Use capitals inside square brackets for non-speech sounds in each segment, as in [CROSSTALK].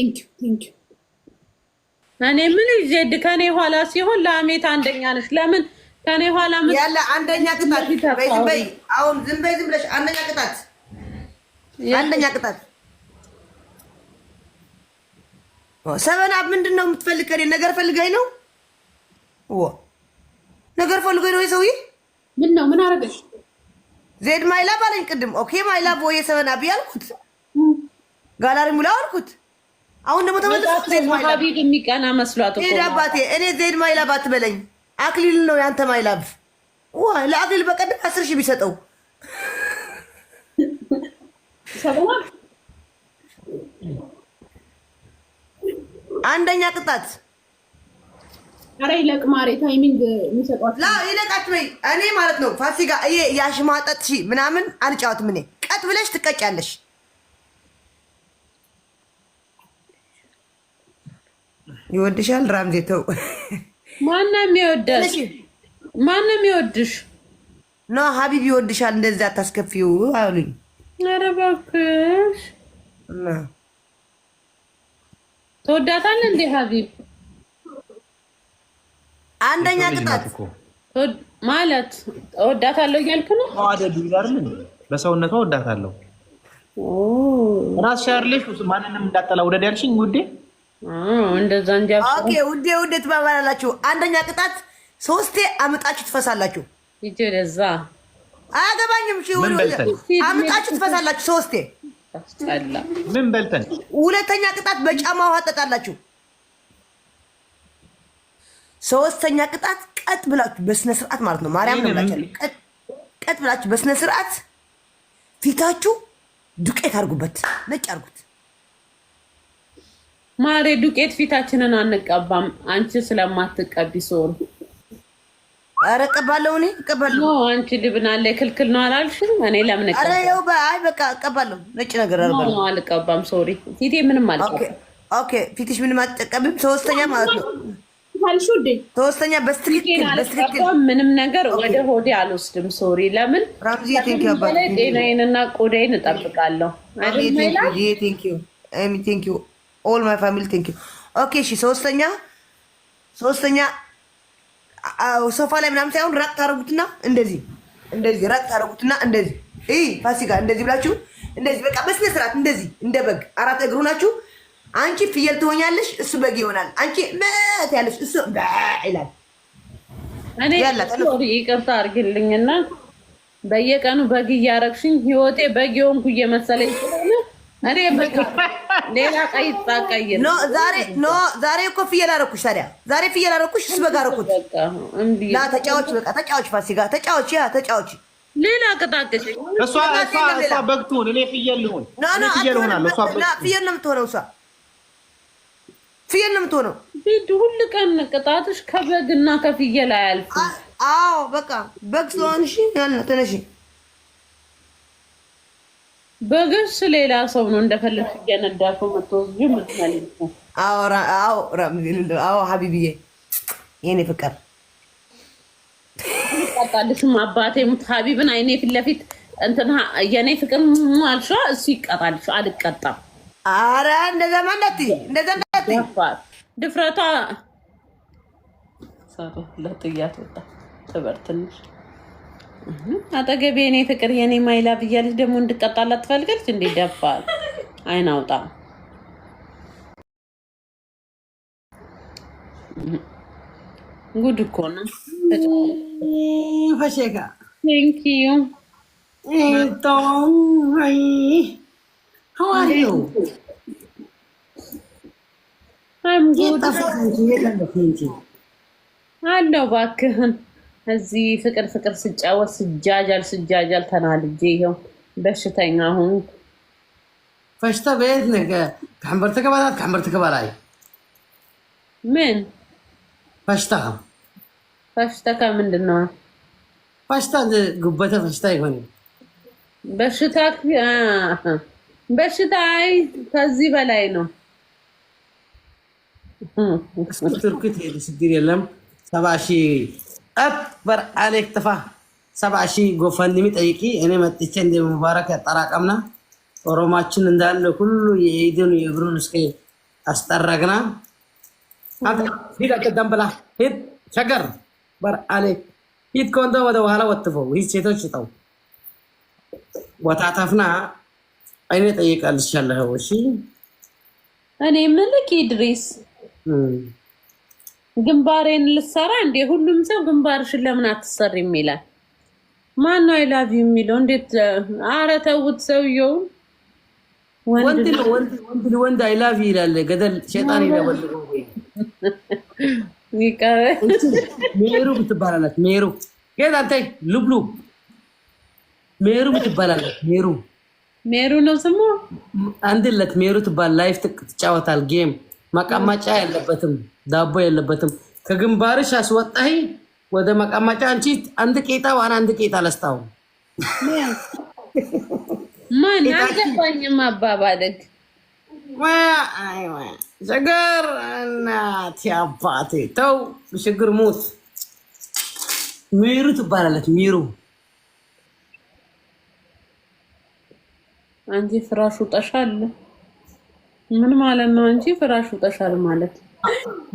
እኔ ምን ዜድ ከኔ ኋላ ሲሆን ለአሜት አንደኛ ነች። ለምን ከኔ ኋላ ያለ አንደኛ ቅጣት አሁን ዝም በይ፣ ዝም ብለሽ አንደኛ ቅጣት፣ አንደኛ ቅጣት። ሰበና ምንድን ነው የምትፈልግ? ከኔ ነገር ፈልገኝ ነው ነገር ፈልጎኝ ነው። የሰውዬ ምን ነው ምን አደረገሽ? ዜድ ማይላ ባለኝ ቅድም። ኦኬ ማይላ ወይ ሰበና ብዬ አልኩት። ጋላሪ ሙላ አልኩት። አሁን ደግሞ ተመለሰ የሚቀና መስሏት ሄዳ አባቴ እኔ ዜድ ማይላብ አትበለኝ አክሊል ነው ያንተ ማይላብ። ዋ ለአክሊል በቀደም አስር ሺህ ቢሰጠው አንደኛ ቅጣት አረ ይለቅማሬ ታይሚንግ የሚሰጧት ላ ይለቃት ወይ እኔ ማለት ነው ፋሲካ ይሄ ሺ ምናምን አልጫወትም እኔ ቀጥ ብለሽ ትቀጫለሽ። ይወድሻል። ራምዜ ተው። ማንም ይወዳሽ፣ ማንም ይወድሽ። ኖ ሀቢብ ይወድሻል። እንደዚያ አታስከፊው አሉኝ። ኧረ እባክሽ ተወዳታል እንዴ ሀቢብ? አንደኛ ቅጣት ማለት እያልክ ነው በሰውነቷ ራስ ሻርሌሽ ማንንም እንዳጠላ ውደድ ያልሽኝ ውዴ እንደዛ እንጂ ኦኬ፣ ውዴ ውዴ ትባባላላችሁ። አንደኛ ቅጣት ሶስቴ አምጣችሁ ትፈሳላችሁ። ይቺ ወደዛ አያገባኝም። እሺ አምጣችሁ ትፈሳላችሁ ሶስቴ። ምን በልተን። ሁለተኛ ቅጣት በጫማ ውሃ ጠጣላችሁ። ሶስተኛ ቅጣት ቀጥ ብላችሁ በስነ ስርዓት ማለት ነው። ማርያም ነው ብላችሁ ቀጥ ብላችሁ በስነ ስርዓት ፊታችሁ ዱቄት አድርጉበት፣ ነጭ አድርጉት። ማሬ ዱቄት ፊታችንን አንቀባም። አንቺ ስለማትቀቢ ሲሆን ኧረ እቀባለሁ እኔ እቀባለሁ። አንቺ ድብናለ ክልክል ነው አላልሽም? እኔ ለምን አይ በቃ እቀባለሁ። ነጭ ነገር አርጋለሁ። አልቀባም። ሶሪ ፊቴ ምንም አልቀባም። ኦኬ ፊትሽ ምንም አትቀቢም። ሶስተኛ ማለት ነው ካልሹዴ ሶስተኛ በስትክክል ምንም ነገር ወደ ሆዴ አልወስድም። ሶሪ ለምን ራምዚ ቴንክ ጤናዬንና ቆዳዬን እጠብቃለሁ። ኦል ማይ ፋሚሊ ቴንክ ዩ። ኦኬ እሺ፣ ሶስተኛ ሶስተኛ ሶፋ ላይ ምናምን ሳይሆን ራቅ ታደርጉትና እንደዚህ እንደዚህ ራቅ ታደርጉትና እንደዚህ ይህ ፋሲካ እንደዚህ ብላችሁ እንደዚህ በቃ በስነ ስርዓት እንደዚህ እንደ በግ አራት እግሩ ናችሁ። አንቺ ፍየል ትሆኛለሽ፣ እሱ በግ ይሆናል። አንቺ በት ያለሽ እሱ ይላል። ይቅርታ አድርግልኝና በየቀኑ በግ እያረግሽኝ ህይወቴ በግ የሆንኩ እየመሰለኝ ስለሆነ ዛሬ እኮ ፍየል አደረኩሽ። ታዲያ ዛሬ ፍየል አደረኩሽ። እሱ በግ አደረኩት። ተጫዎች በቃ ተጫዎች፣ ፋሲካ ተጫዎች፣ ያ ተጫዎች። ሌላ ቅጣቅሽ እሷ በግ ትሁን፣ እኔ ፍየል ልሁን። ፍየል ነው የምትሆነው እሷ ፍየል ነው የምትሆነው። ሁል ቀን ቅጣትሽ ከበግና ከፍየል አያልፍም። አዎ በቃ በግ ስለሆንሽ ያለ ተነሽ በግብስ ሌላ ሰው ነው እንደፈለግ እየነዳፈው መተወዙ ምትመልአዎ ሀቢብዬ የኔ ፍቅር ይቃጣልስም አባቴ ሙት ሀቢብን አይኔ ፊት ለፊት እንትን የኔ ፍቅር አልሻ እሱ ይቀጣልሽ። አልቀጣም። አረ እንደዛ ማለት እንደዛ ማለት ድፍረቷ ለጥያት ወጣ ትበር ትንሽ አጠገቤ የኔ ፍቅር የኔ ማይላ እያለች ደግሞ እንድቀጣላት ትፈልጋለች። እንዴ ደፋል አይን አውጣ ጉድ እኮ ነው። ፈሼካ ቴንኪዩ አለው እባክህን እዚህ ፍቅር ፍቅር ስጫወት ስጃጃል ስጃጃል ተናድጄ ይኸው በሽተኛ ሁን። በሽታ ቤት ከሕምበር ትገባላት ከሕምበር ትገባላይ ምን በሽታ በሽታ ከምንድን ነው ፈሽተ ጉበተ በሽታ ይሆን በሽታ በሽታ። አይ ከዚህ በላይ ነው። ቱርክ ትሄድ ችግር የለም ሰባ ሺህ አክበር አሌክ ጥፋ ሰባ ሺህ ጎፈንድሚ ጠይቂ። እኔ መጥቼ እንደ ሙባረክ ያጠራቀምና ኦሮማችን እንዳለ ሁሉ የኢድን የእግሩን እስከ አስጠረግና ሂድ፣ አቀዳም ብላ ሂድ፣ ሸገር በር አሌክ ሂድ። ከወንዶ ወደ በኋላ ወትፎ ሂድ፣ ሴቶች ይጠው ወታተፍና እኔ ጠይቃልሻለሁ። እሺ እኔ ምልክ ድሬስ ግንባሬን ልሰራ እንዴ? ሁሉም ሰው ግንባርሽን ለምን አትሰሪ የሚላል ማን ነው? አይላቭ የሚለው እንዴት? አረ ተውት፣ ሰውየው ወንድ ወንድ ወንድ አይላቪ ይላል። ገደል ሸጣን ይለወል ይቀረ ሜሩብ ትባላለች። ሜሩብ የት አንተ ልብሉብ ሜሩብ ትባላለች። ሜሩ ሜሩ ነው ስሙ። አንድለት ሜሩ ትባል ላይፍ ትጫወታል ጌም መቀመጫ የለበትም፣ ዳቦ የለበትም። ከግንባርሽ አስወጣይ ወደ መቀመጫ አንቺ አንድ ቄጣ ዋና አንድ ቄጣ ለስታው ማን አልገባኝም። አባባልክ ችግር እናት አባቴ ተው ችግር ሞት ሚሩ ትባላለች። ሚሩ አንቺ ፍራሹ ጠሻ ምን ማለት ነው እንጂ ፍራሽ ውጠሻል ማለት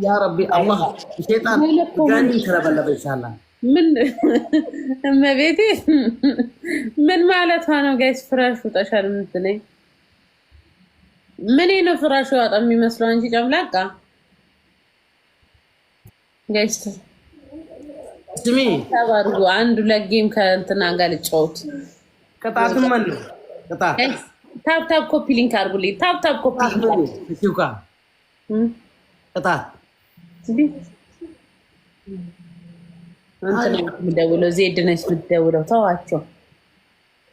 ያ ረቢ አላህ ሸይጣን ጋኒ ከለበለበ ይሻላል። ምን እመቤቴ ምን ማለቷ ነው? ጋይስ ፍራሽ ውጠሻል የምትለኝ ምን ነው? ፍራሽ ያጣ የሚመስለው እንጂ ጨምላቃ ጋይስ ስሚ ታባርጉ አንዱ ለጌም ከእንትና ጋር ልጫወት ቅጣቱን መልስ ቅጣት ታብ ታብ ኮፒ ሊንክ አድርጉልኝ። ታብ ታብ ኮፒ ሊንክ ቅጣት ምደውለው ዜድ ነች ምደውለው። ተዋቸው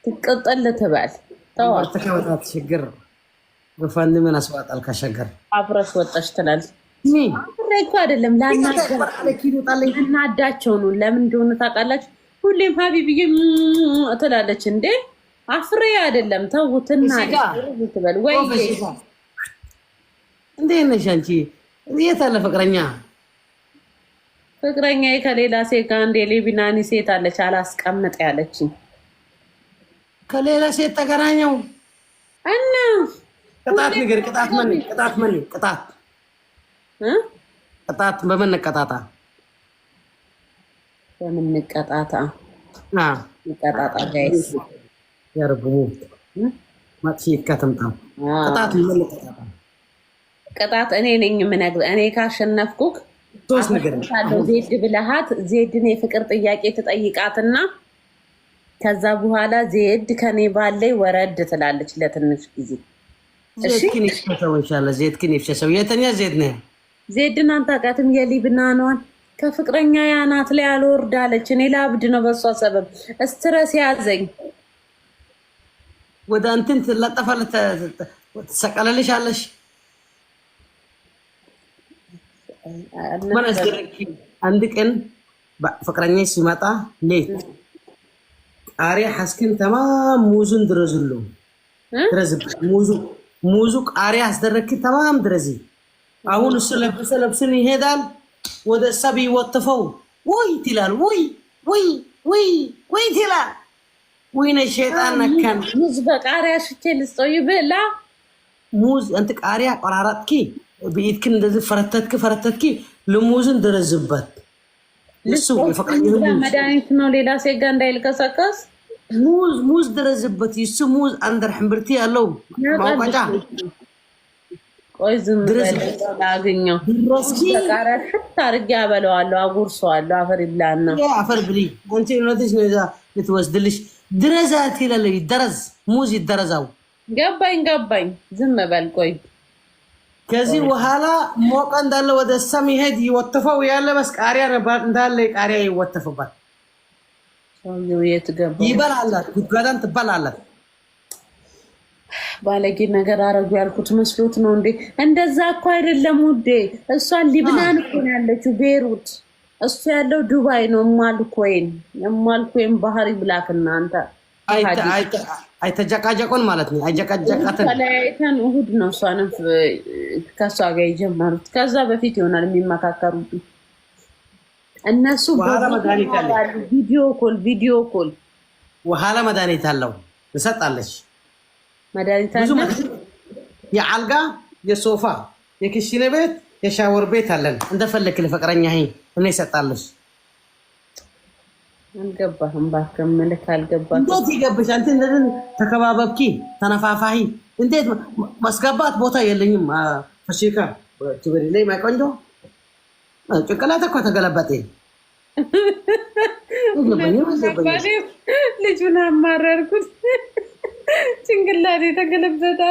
ትቀጠል ተባል ተዋቸው ችግር በፋን ምን አስዋጣል ካሸገር አብረሽ ወጣሽ ትላል። አብሬ እኮ አይደለም ላናዳቸው ነው። ለምን እንደሆነ ታውቃላችሁ? ሁሌም ሀቢብዬ ትላለች እንዴ አፍሬ አይደለም ተውትና ትበል ወይ እንዴ ነሽ አንቺ? የት አለ ፍቅረኛ? ፍቅረኛ ከሌላ ሴት ጋር እንደ ሌቢናኒ ሴት አለች አላስቀምጥ ያለችኝ ከሌላ ሴት ተገናኘው እና ቅጣት ንገሪ። ቅጣት መን ቅጣት መን ቅጣት ቅጣት በምን ቀጣጣ በምን ቀጣጣ ቀጣጣ ጋይስ ያርቡ ማጥፊ ከተምጣ ቅጣት ምን ቅጣት እኔ ነኝ የምነግርህ። እኔ ካሸነፍኩክ ሶስት ነገር ነው ዜድ ብለሃት ዜድን የፍቅር ጥያቄ ትጠይቃትና ከዛ በኋላ ዜድ ከኔ ባለይ ወረድ ትላለች ለትንሽ ጊዜ። ዜድ ክን ይፍሸሰው የተኛ ዜድ ነ ዜድን አንተ የሊብና የሊብናኗን ከፍቅረኛ ያናት ላይ አልወርዳለች። እኔ ላብድ ነው በሷ ሰበብ ስትረስ ያዘኝ ወደ እንትን ትለጠፋለ ትሰቀለልሻለሽ። ምን አስደረግ አንድ ቀን ፍቅረኛ ሲመጣ ሌት ቃሪያ ሐስኪን ተማም ሙዙን ድረዝሉ ድረዝ ሙዙ ሙዙ ቃሪያ አስደረግኪ ተማም ድረዚ። አሁን እሱ ለብሰ ለብስን ይሄዳል ወደ እሳ ቢወጥፈው ወይ ትላል ወይ ወይ ወይ ወይኔ ሸጣን ነካን። ሙዝ በቃሪያ ሽቼ ልስጠው ይበላ ሙዝ እንት ቃሪያ ቆራረጥኪ ብኢትክን እንደዚህ ፈረተትኪ ፈረተትኪ ልሙዝን ድረዝበት ልሱ መድኃኒት ነው። ሌላ ሴጋ እንዳይልቀሰቀስ ሙዝ ሙዝ ድረዝበት ይሱ ሙዝ አንደር ሕምብርቲ አለው ማቋጫ ቆይ ዝም ላግኘው ቃሪያ ሽት አርጌ አበለዋለሁ፣ አጉርሰዋለሁ። አፈር ይብላና አፈር ብሊ አንቺ ነትሽ ነዛ ልትወስድልሽ ድረዛት ይላል ይደረዝ ሙዝ ይደረዛው ገባኝ ገባኝ። ዝም በል ቆይ። ከዚህ በኋላ ሞቀ እንዳለ ወደ ሰም ይሄድ ይወተፈው ያለ በስ ቃሪያ እንዳለ ቃሪያ ይወተፈባል። ይበላላት ጉጋዳን ትበላላት። ባለጌ ነገር አረጉ ያልኩት መስሎት ነው እንዴ? እንደዛ እኮ አይደለም ውዴ። እሷን ሊብናን እኮ ነው ያለችው ቤሩት እሱ ያለው ዱባይ ነው። ማልኮይን የማልኮይን ባህሪ ብላክ እናንተ አይተጃቃጃቆን ማለት ነው። አይጀቃጃቃትን ተለያይተን ነው እሷንም ከእሷ ጋር የጀመሩት። ከዛ በፊት ይሆናል የሚመካከሩት እነሱ ቪዲዮ ኮል ቪዲዮ ኮል ውሃላ መድኃኒት አለው እሰጣለች መድኃኒት የአልጋ የሶፋ የክሽነ ቤት የሻወር ቤት አለን። እንደፈለክ ለፈቅረኛ እኔ ይሰጣለሽ አልገባህም። እባክህ ምልክ አልገባህም። እንዴት ይገብሽ? አንቺ እንደዚህ ተከባበብኪ ተነፋፋሂ እንዴት ማስገባት ቦታ የለኝም። ፈሽካ ችግር ላይ ማይቆንጆ ጭንቅላት እኮ ተገለበጠ። ልጁን አማረርኩት። ጭንቅላት የተገለበጠ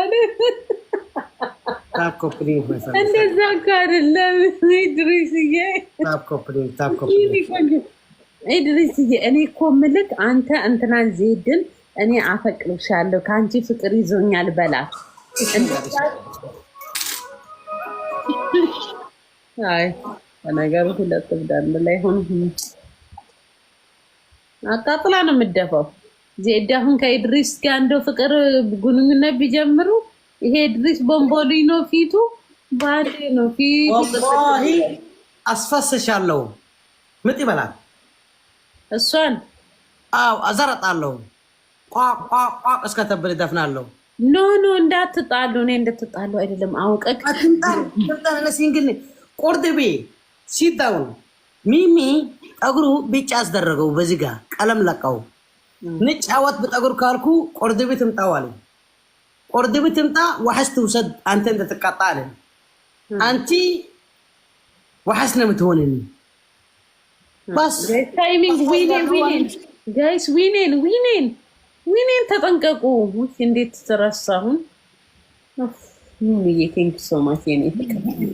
ታፕ ኮፕሊንግ እንደዛ እኮ አይደለም ድሪስዬ። ድሪስዬ እኔ እኮ የምልህ አንተ እንትናን ዜድን እኔ አፈቅርሻለሁ ከአንቺ ፍቅር ይዞኛል በላት። አይ በነገሩ ሁለት እብድ ላይ ሆኑ። አቃጥላ ነው የምትደፋው ዜድ። አሁን ከኢድሪስ ጋር እንደው ፍቅር ግንኙነት ቢጀምሩ ይሄ ድሪስ ቦምቦሊ ነው ፊቱ ባሌ ነው። ፊቱ አስፈስሻለሁ። ምጥ ይበላል። እሷን አው አዘረጣለሁ። ቋቋቋቅ እስከተብል ደፍናለሁ። ኖ ኖ እንዳትጣሉ፣ እኔ እንድትጣሉ አይደለም። አውቀቅ ትምጣን ሲንግል ቁርጥ ቤ ሚሚ ጠጉሩ ቢጫ አስደረገው። በዚህ ጋር ቀለም ለቀው ንጫወት በጠጉር ካልኩ ቁርጥ ቤ ኦርድ ብትምጣ ዋሐስ ትውሰድ አንተ እንደትቀጣ አለ። አንቲ ዋሐስ ነው የምትሆንን። ጋይስ ዊኔን ዊኔን ዊኔን ተጠንቀቁ። እንዴት ተረሳሁን? ቴንክ ሶ ማች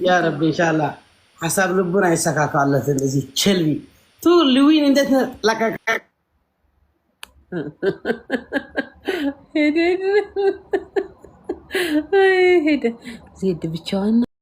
ያ ረቢ ኢንሻላ ሀሳብ ልቡን አይሰካካለት። እንደዚህ ቸልቢ ቱ ልዊን እንዴት ለቀቀ ሄደን [LAUGHS] ሄደ ብቻዋን